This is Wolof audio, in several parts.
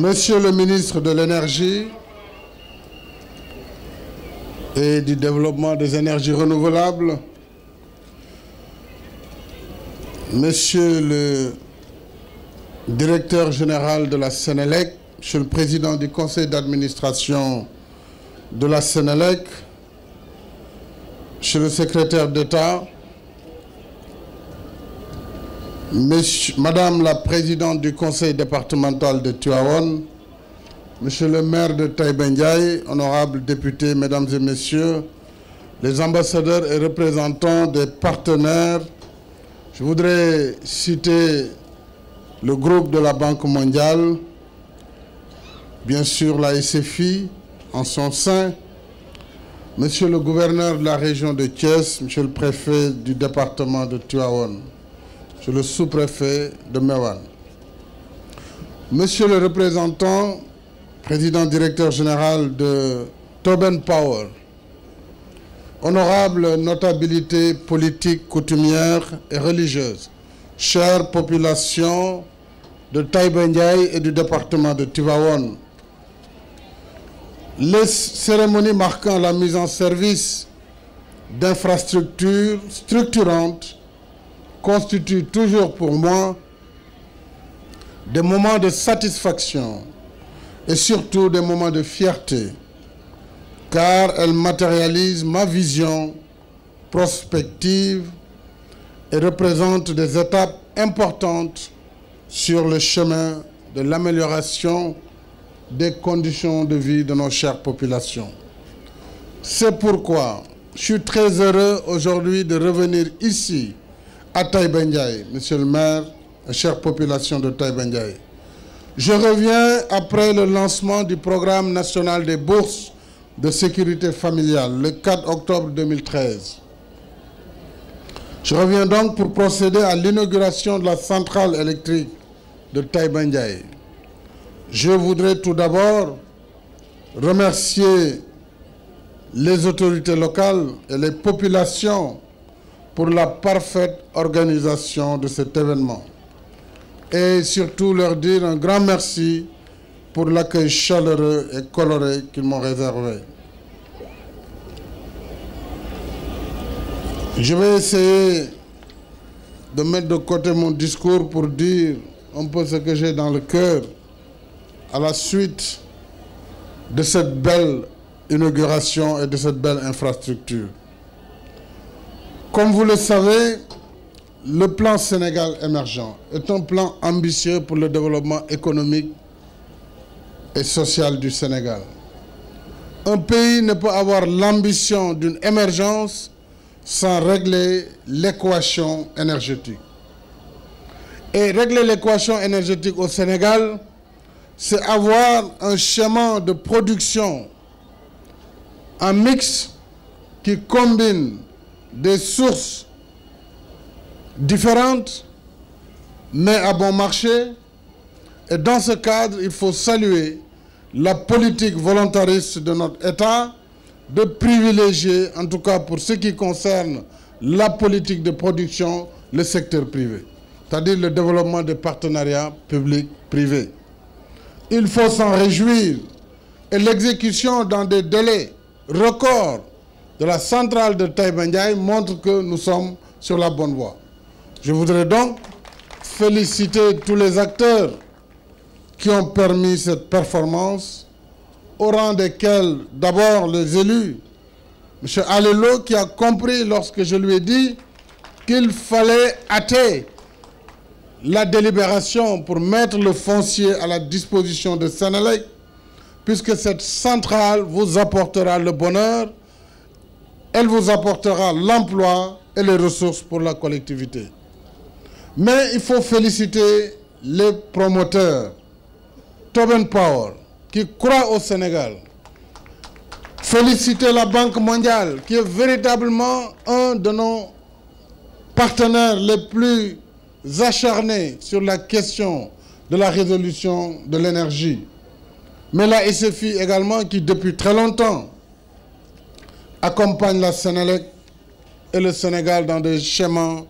Monsieur le ministre de l'Énergie et du Développement des énergies renouvelables, Monsieur le directeur général de la Sénélec, Monsieur le président du conseil d'administration de la Sénélec, Monsieur le secrétaire d'État, Monsieur, Madame la présidente du conseil départemental de Tuaon, Monsieur le maire de Taïbengaï, honorables députés, mesdames et messieurs, les ambassadeurs et représentants des partenaires, je voudrais citer le groupe de la Banque mondiale, bien sûr la SFI en son sein, Monsieur le gouverneur de la région de Thiès, Monsieur le préfet du département de Tuaon. sur le sous-préfet de Mewan. Monsieur le représentant, président directeur général de Tobin Power, honorable notabilité politique, coutumière et religieuse, chère population de Taïbendiaï et du département de Tivaouane, les cérémonies marquant la mise en service d'infrastructures structurantes constituent toujours pour moi des moments de satisfaction et surtout des moments de fierté, car elles matérialisent ma vision prospective et représente des étapes importantes sur le chemin de l'amélioration des conditions de vie de nos chères populations. C'est pourquoi je suis très heureux aujourd'hui de revenir ici à Taïba Ndiaye, monsieur le maire, chère population de Taïba Ndiaye. Je reviens après le lancement du programme national des bourses de sécurité familiale le 4 octobre 2013. Je reviens donc pour procéder à l'inauguration de la centrale électrique de Taïba Ndiaye. Je voudrais tout d'abord remercier les autorités locales et les populations pour la parfaite organisation de cet événement et surtout leur dire un grand merci pour l'accueil chaleureux et coloré qu'ils m'ont réservé. Je vais essayer de mettre de côté mon discours pour dire un peu ce que j'ai dans le cœur à la suite de cette belle inauguration et de cette belle infrastructure. Comme vous le savez, le plan Sénégal émergent est un plan ambitieux pour le développement économique et social du Sénégal. Un pays ne peut avoir l'ambition d'une émergence sans régler l'équation énergétique. Et régler l'équation énergétique au Sénégal, c'est avoir un schéma de production en mix qui combine des sources différentes, mais à bon marché. Et dans ce cadre, il faut saluer la politique volontariste de notre État de privilégier, en tout cas pour ce qui concerne la politique de production, le secteur privé, c'est-à-dire le développement des partenariats publics-privés. Il faut s'en réjouir et l'exécution dans des délais records de la centrale de Taïba Ndiaye montre que nous sommes sur la bonne voie. Je voudrais donc féliciter tous les acteurs qui ont permis cette performance, au rang desquels d'abord les élus, M. Alelo qui a compris lorsque je lui ai dit qu'il fallait hâter la délibération pour mettre le foncier à la disposition de Sénélec, puisque cette centrale vous apportera le bonheur elle vous apportera l'emploi et les ressources pour la collectivité. Mais il faut féliciter les promoteurs, Tobin Power, qui croit au Sénégal. Féliciter la Banque mondiale, qui est véritablement un de nos partenaires les plus acharnés sur la question de la résolution de l'énergie. Mais la SFI également, qui depuis très longtemps accompagne la Sénélec et le Sénégal dans des schémas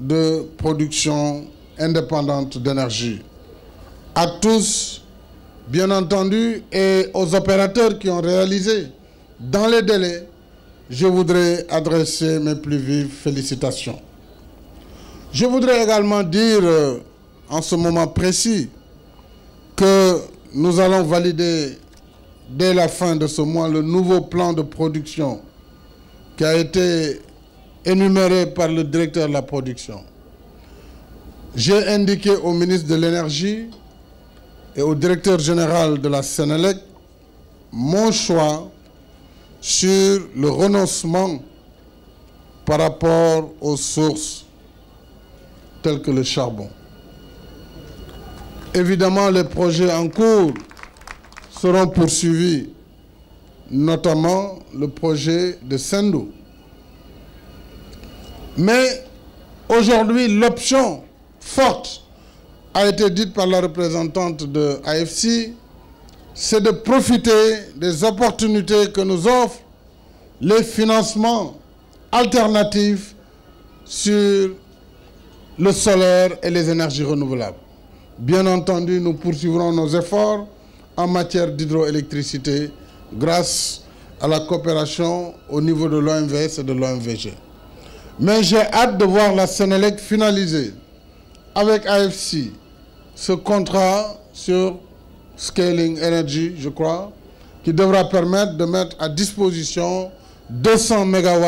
de production indépendante d'énergie. À tous, bien entendu, et aux opérateurs qui ont réalisé dans les délais, je voudrais adresser mes plus vives félicitations. Je voudrais également dire, euh, en ce moment précis, que nous allons valider dès la fin de ce mois le nouveau plan de production qui a été énuméré par le directeur de la production. J'ai indiqué au ministre de l'Énergie et au directeur général de la Sénélec mon choix sur le renoncement par rapport aux sources telles que le charbon. Évidemment, les projets en cours seront poursuivis, notamment le projet de Sendou. Mais aujourd'hui, l'option forte a été dite par la représentante de AFC, c'est de profiter des opportunités que nous offrent les financements alternatifs sur le solaire et les énergies renouvelables. Bien entendu, nous poursuivrons nos efforts en matière d'hydroélectricité grâce à la coopération au niveau de l'OMVS et de l'OMVG. Mais j'ai hâte de voir la Sénélec finaliser avec AFC ce contrat sur Scaling Energy, je crois, qui devra permettre de mettre à disposition 200 MW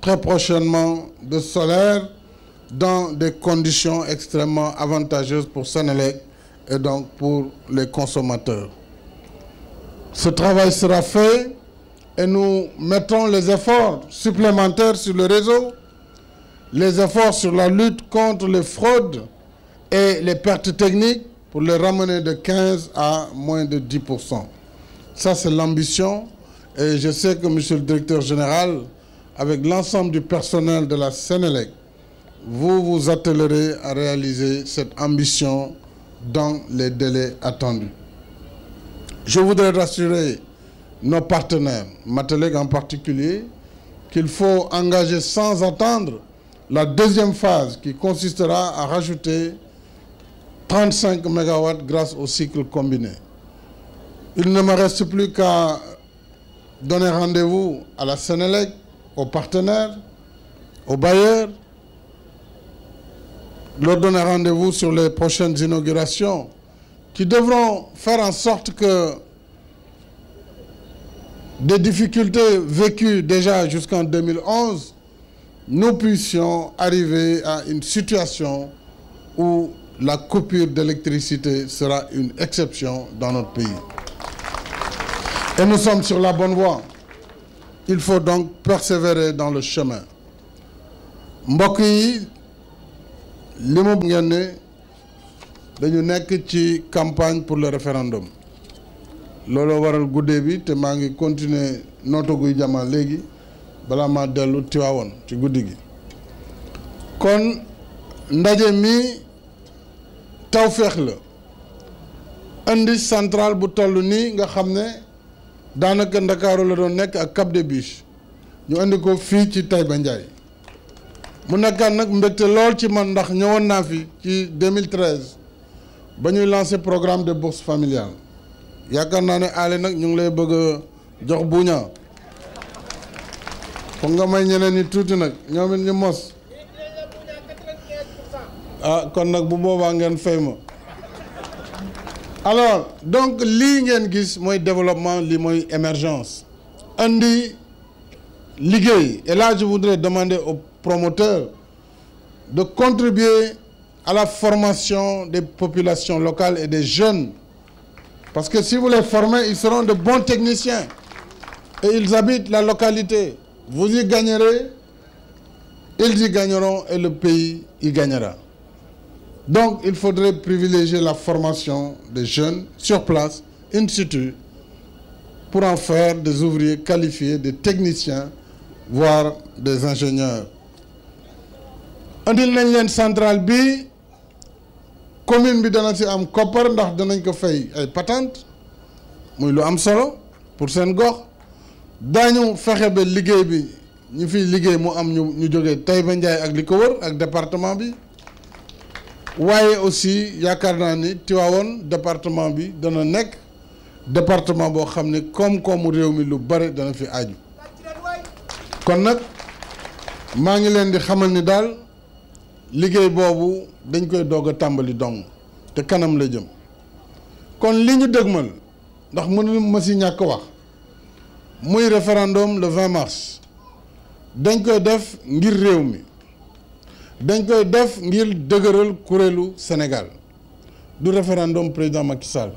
très prochainement de solaire dans des conditions extrêmement avantageuses pour Sénélec et donc pour les consommateurs. Ce travail sera fait et nous mettons les efforts supplémentaires sur le réseau, les efforts sur la lutte contre les fraudes et les pertes techniques pour les ramener de 15 à moins de 10%. Ça, est l'ambition et je sais que, monsieur le directeur général, avec l'ensemble du personnel de la Sénélec, vous vous attellerez à réaliser cette ambition dans les délais attendus. Je voudrais rassurer nos partenaires, Matelègue en particulier, qu'il faut engager sans attendre la deuxième phase qui consistera à rajouter 35 MW grâce au cycle combiné. Il ne me reste plus qu'à donner rendez-vous à la Sénélec, aux partenaires, aux bailleurs, leur donner rendez-vous sur les prochaines inaugurations qui devront faire en sorte que des difficultés vécues déjà jusqu'en 2011, nous puissions arriver à une situation où la coupure d'électricité sera une exception dans notre pays. Et nous sommes sur la bonne voie. Il faut donc persévérer dans le chemin. mbokk li mu ngeen ne dañu nekk ci campagne pour le référendum looloo waral guddee bi te maa ngi continuer nooto guy jamaa léegi bala ma dellu Tiwaawoon ci guddi gi kon ndaje mi tawféex la indi centrale bu toll nii nga xam ne daanaka ndakaaru la doon nekk ak Cap des Biches ñu indi ko fii ci Taïba Ndiaye mu nekkaan nag mbégte lool ci man ndax ñëwoon naa fi ci 2013 ba ñuy lancé programme de bourse familiale yaakaar naa ne Aly nag ñu ngi lay bëgg jox buña foog nga may ñeneen ñi tuuti nag ñoom it ñu mos ah kon nag bu boobaa ngeen fay ma alors donc lii ngeen gis mooy développement lii mooy émergence andi liggéey et là je voudrais demander au promoteurs de contribuer à la formation des populations locales et des jeunes. Parce que si vous les formez, ils seront de bons techniciens et ils habitent la localité. Vous y gagnerez, ils y gagneront et le pays y gagnera. Donc il faudrait privilégier la formation des jeunes sur place, in situ, pour en faire des ouvriers qualifiés, des techniciens, voire des ingénieurs. andil lañ leen centrale bi commune bi dana si am koppar ndax danañ ko fay ay patente muy lu am solo pour seen gox daañu fexe ba liggéey bi ñu fiy liggéey mu am ñu ñu jógee Taïba Ndiaye ak li ko wër ak département bi waaye aussi yaakaar naa ni Tivaouane département bi dana nekk département boo xam ne koom-koomu réew mi lu bare dana fi aju kon nag maa ngi leen di xamal ni daal. liggéey boobu dañ koy doog a tàmbali dong te kanam la jëm kon li ñu dëgmal ndax mënu ma si ñàkk wax muy référendum le 20 mars dañ koy def ngir réew mi dañ koy def ngir dëgëral kuréelu Sénégal du référendum président Macky Sall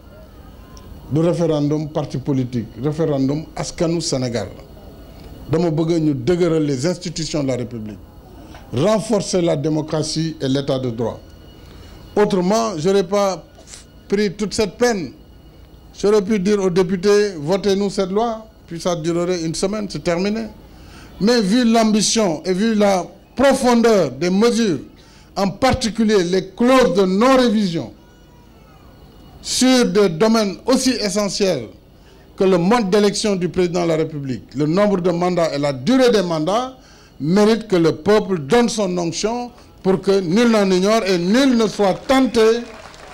du référendum parti politique référendum askanu Sénégal dama bëgg ñu dëgëral les institutions de la République renforcer la démocratie et l'état de droit. Autrement, je n'aurais pas pris toute cette peine. J'aurais pu dire aux députés, votez-nous cette loi, puis ça durerait une semaine, c'est terminé. Mais vu l'ambition et vu la profondeur des mesures, en particulier les clauses de non-révision, sur des domaines aussi essentiels que le mode d'élection du président de la République, le nombre de mandats et la durée des mandats, mérite que le peuple donne son onction pour que nul n'en ignore et nul ne soit tenté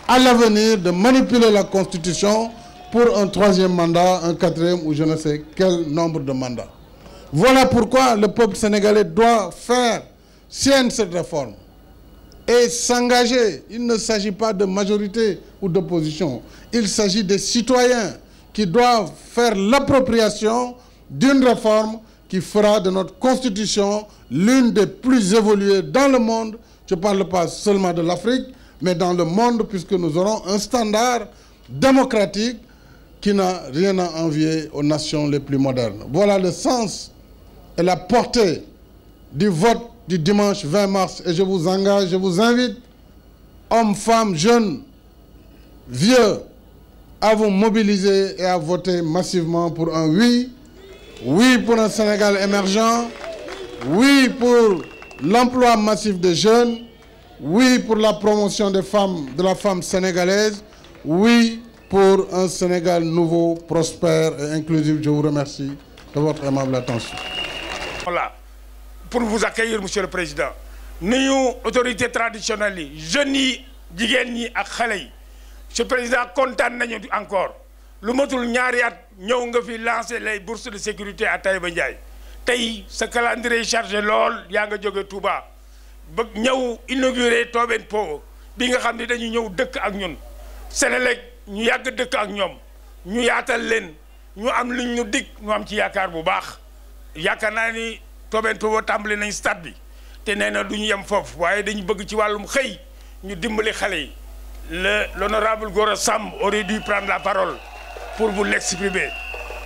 à l'avenir de manipuler la Constitution pour un troisième mandat, un quatrième ou je ne sais quel nombre de mandats. Voilà pourquoi le peuple sénégalais doit faire sienne cette réforme et s'engager. Il ne s'agit pas de majorité ou d'opposition. Il s'agit des citoyens qui doivent faire l'appropriation d'une réforme qui fera de notre constitution l'une des plus évoluées dans le monde. Je ne parle pas seulement de l'Afrique, mais dans le monde, puisque nous aurons un standard démocratique qui n'a rien à envier aux nations les plus modernes. Voilà le sens et la portée du vote du dimanche 20 mars. Et je vous engage, je vous invite, hommes, femmes, jeunes, vieux, à vous mobiliser et à voter massivement pour un oui oui pour un Sénégal émergent, oui pour l'emploi massif des jeunes, oui pour la promotion des femmes, de la femme sénégalaise, oui pour un Sénégal nouveau, prospère et inclusif. Je vous remercie de votre aimable attention. Voilà, pour vous accueillir, Monsieur le Président, nous, autorités traditionnelles, jeunes, jigéen ñi ak xale yi, Monsieur le Président kontaan nañu encore. lu matul ñaari at ñëw nga fi lancé les bourses de sécurité à Taïba Ndiaye tey sa calendrier chargé lool yaa nga jóge Touba ba ñëw inauguré Tobène Po bi nga xam ne dañu ñëw dëkk ak ñun Senelec ñu yàgg dëkk ak ñoom ñu yaatal leen ñu am luñ ñu dig ñu am ci yaakaar bu baax yaakaar naa ni Tobène Po tàmbali nañ stade bi te nee na du ñu yem foofu waaye dañu bëgg ci wàllum xëy ñu dimbali xale yi le l'honorable Gora Samb aurait dû prendre la parole pour bu vous l'exprimer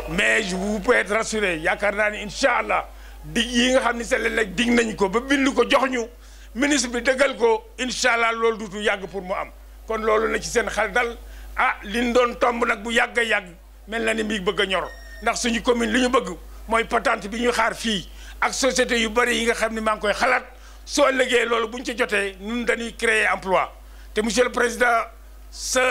mais je vous peux être rassuré yaakaar naa ni incha allah dig yi nga xam ni seen léeg digg dig nañ ko ba bind ko jox ñu ministre bi dëggal ko incha allah loolu duutu yàgg pour mu am kon loolu na ci seen xel dal ah liñ doon tomb nag bu yàgg a yàgg mel na ni mi bëgg a ñor ndax suñu commune li ñu bëgg mooy patente bi ñuy xaar fii ak société yu bëri yi nga xam ni maa ngi koy xalaat soo liggéey loolu bu ñu ci jotee ñun dañuy créer emploi te monsieur le président sa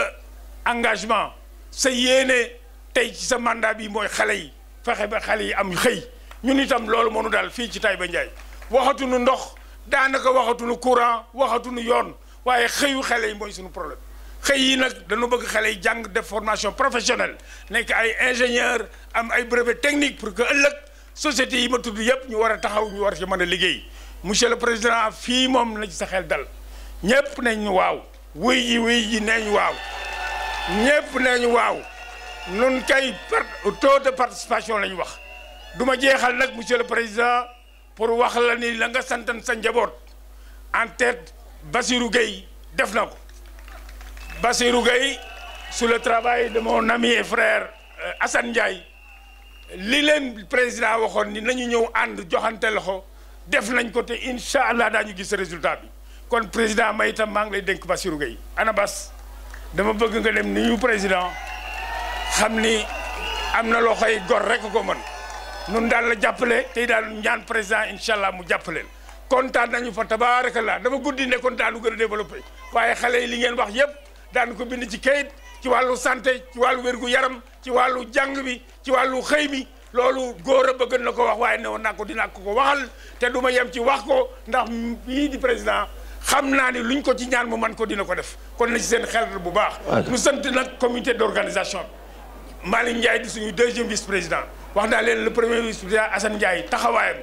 engagement sa yéene tey ci sa mandat bi mooy xale yi fexe ba xale yi am xëy ñun itam loolu moo nu daal fii ci tay Taïba Ndiaye waxatuñu ndox daanaka waxatuñu courant waxatu waxatuñu yoon waaye xëyu xale yi mooy suñu problème xëy yi nag dañu bëgg xale yi jàng def formation professionnel nekk ay ingénieur am ay brevet technique pour que ëllëg société yi ma tudd yëpp ñu war a taxaw ñu war ci mën a liggéey monsieur le président fii moom na ci sa xel dal ñépp nañ waaw wuy ji wuy ji nañ waaw ñëpp ñu waaw nun kay taux de participation la ñu wax du ma jeexal nag monsieur le président pour wax la ni la nga santan sa njaboot en tête Bassirou Gueye def na ko Bassirou Gueye su le travail de mon ami et frère euh, Assane Ndiaye li leen président waxoon ni nañu ñëw ànd joxante loxo def nañ ko te incha allah daañu gis résultat bi kon président may itam maa ngi lay denk bassiru Gueye ana Bass dama bëgg nga dem ni ñu président xam ni am na loxoy gor rek ko mën nun daan la jàppale tey daal ñaan président incha allah mu jàppaleel kontaan nañu fa tabaarakallah dama guddi ne kontaan lu gën a développé waaye xale yi li ngeen wax yëpp daan ko bind ci kayit ci wàllu santé ci wàllu wérgu yaram ci wàllu jàng bi ci wàllu xëy mi loolu góor a bëgg na ko wax waaye ne woon naa ko dinaa ko ko waxal te du ma yem ci wax ko ndax mii di président xam naa ne luñ ko ci ñaan mu man ko dina ko def kon na ci seen xel bu baax. nu sant nag comité d' organisation bi. Malick Ndiaye di suñu deuxième vice président wax naa leen le premier vice président Assane Ndiaye taxawaayam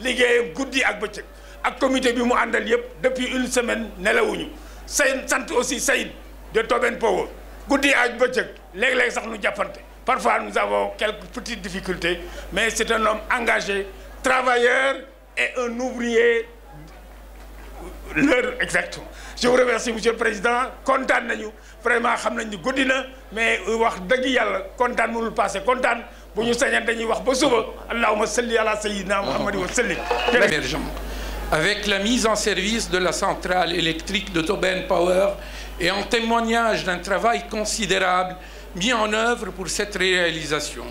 liggéeyam guddi ak bëccëg ak comité bi mu àndal yëpp depuis une semaine nelawuñu seen sant aussi Saïd de Tobène Power guddi ak bëccëg léeg-léeg sax nu jàppante parfois nous avons quelques petites difficultés mais c' est un homme engagé et un l'heure exacte je vous remercie monsieur le président kontaan nañu vraiment xam nañ ni guddi na mais wax dëgg yàlla kontaan mënul passé kontaan bu ñu sañoon dañuy wax ba suba allahumma salli ala sayyidina muhammadin wa sallim avec la mise en service de la centrale électrique de Tobin Power et en témoignage d'un travail considérable mis en œuvre pour cette réalisation.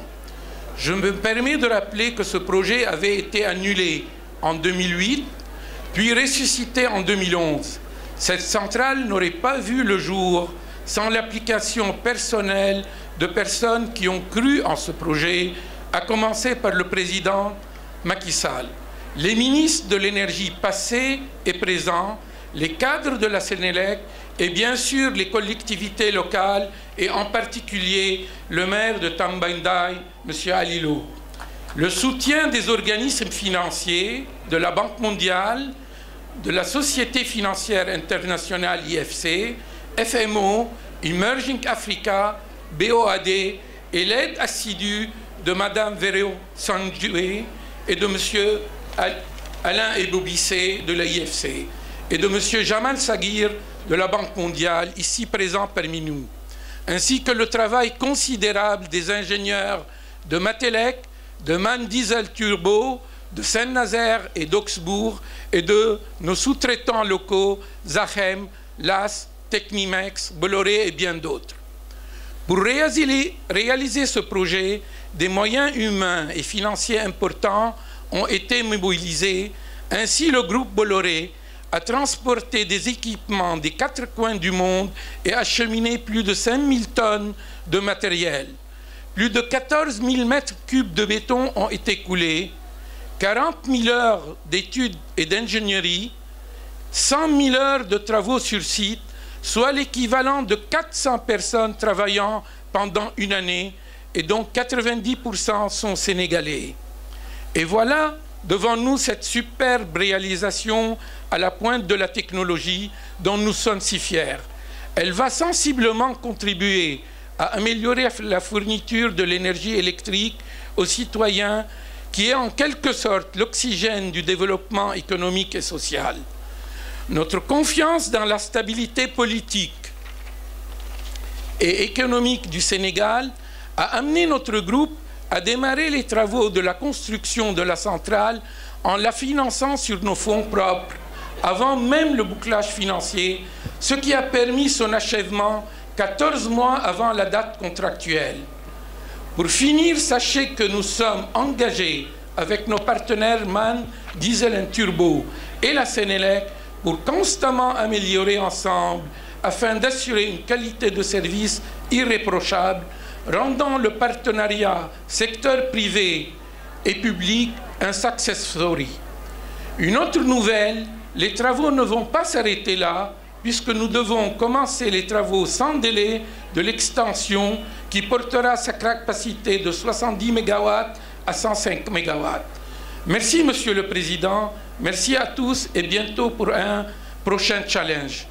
Je me permets de rappeler que ce projet avait été annulé en 2008 Puis ressuscitée en 2011, cette centrale n'aurait pas vu le jour sans l'application personnelle de personnes qui ont cru en ce projet, a commencer par le président Macky Sall, les ministres de l'énergie passés et présents, les cadres de la Sénélec et bien sûr les collectivités locales et en particulier le maire de Tambandai, M. Alilo. Le soutien des organismes financiers, de la Banque mondiale, de la Société financière internationale IFC, FMO, Emerging Africa, BOAD et l'aide assidue de Madame Véro Sanjoué et de Monsieur Alain Ebobissé de l'IFC et de Monsieur Jamal Sagir de la Banque mondiale, ici présent parmi nous, ainsi que le travail considérable des ingénieurs de Matelec, de Man Diesel Turbo, de Saint-Nazaire et d'Augsbourg et de nos sous-traitants locaux, Zachem, LAS, Technimex, Bolloré et bien d'autres. Pour réaliser, réaliser ce projet, des moyens humains et financiers importants ont été mobilisés. Ainsi, le groupe Bolloré a transporté des équipements des quatre coins du monde et acheminé plus de 5000 tonnes de matériel. Plus de 14 000 mètres cubes de béton ont été coulés, 40 000 heures d'études et d'ingénierie, 100 000 heures de travaux sur site, soit l'équivalent de 400 personnes travaillant pendant une année, et donc 90% sont sénégalais. Et voilà devant nous cette superbe réalisation à la pointe de la technologie dont nous sommes si fiers. Elle va sensiblement contribuer à améliorer la fourniture de l'énergie électrique aux citoyens qui est en quelque sorte l'oxygène du développement économique et social, notre confiance dans la stabilité politique et économique du Sénégal a amené notre groupe à démarrer les travaux de la construction de la centrale en la finançant sur nos fonds propres, avant même le bouclage financier, ce qui a permis son achèvement 14 mois avant la date contractuelle. Pour finir, sachez que nous sommes engagés avec nos partenaires MAN, Diesel Turbo et la Sénélec pour constamment améliorer ensemble afin d'assurer une qualité de service irréprochable, rendant le partenariat secteur privé et public un success story. Une autre nouvelle, les travaux ne vont pas s'arrêter là, puisque nous devons commencer les travaux sans délai de l'extension qui portera sa capacité de 70 MW à 105 MW. Merci, Monsieur le Président. Merci à tous et pour un prochain challenge.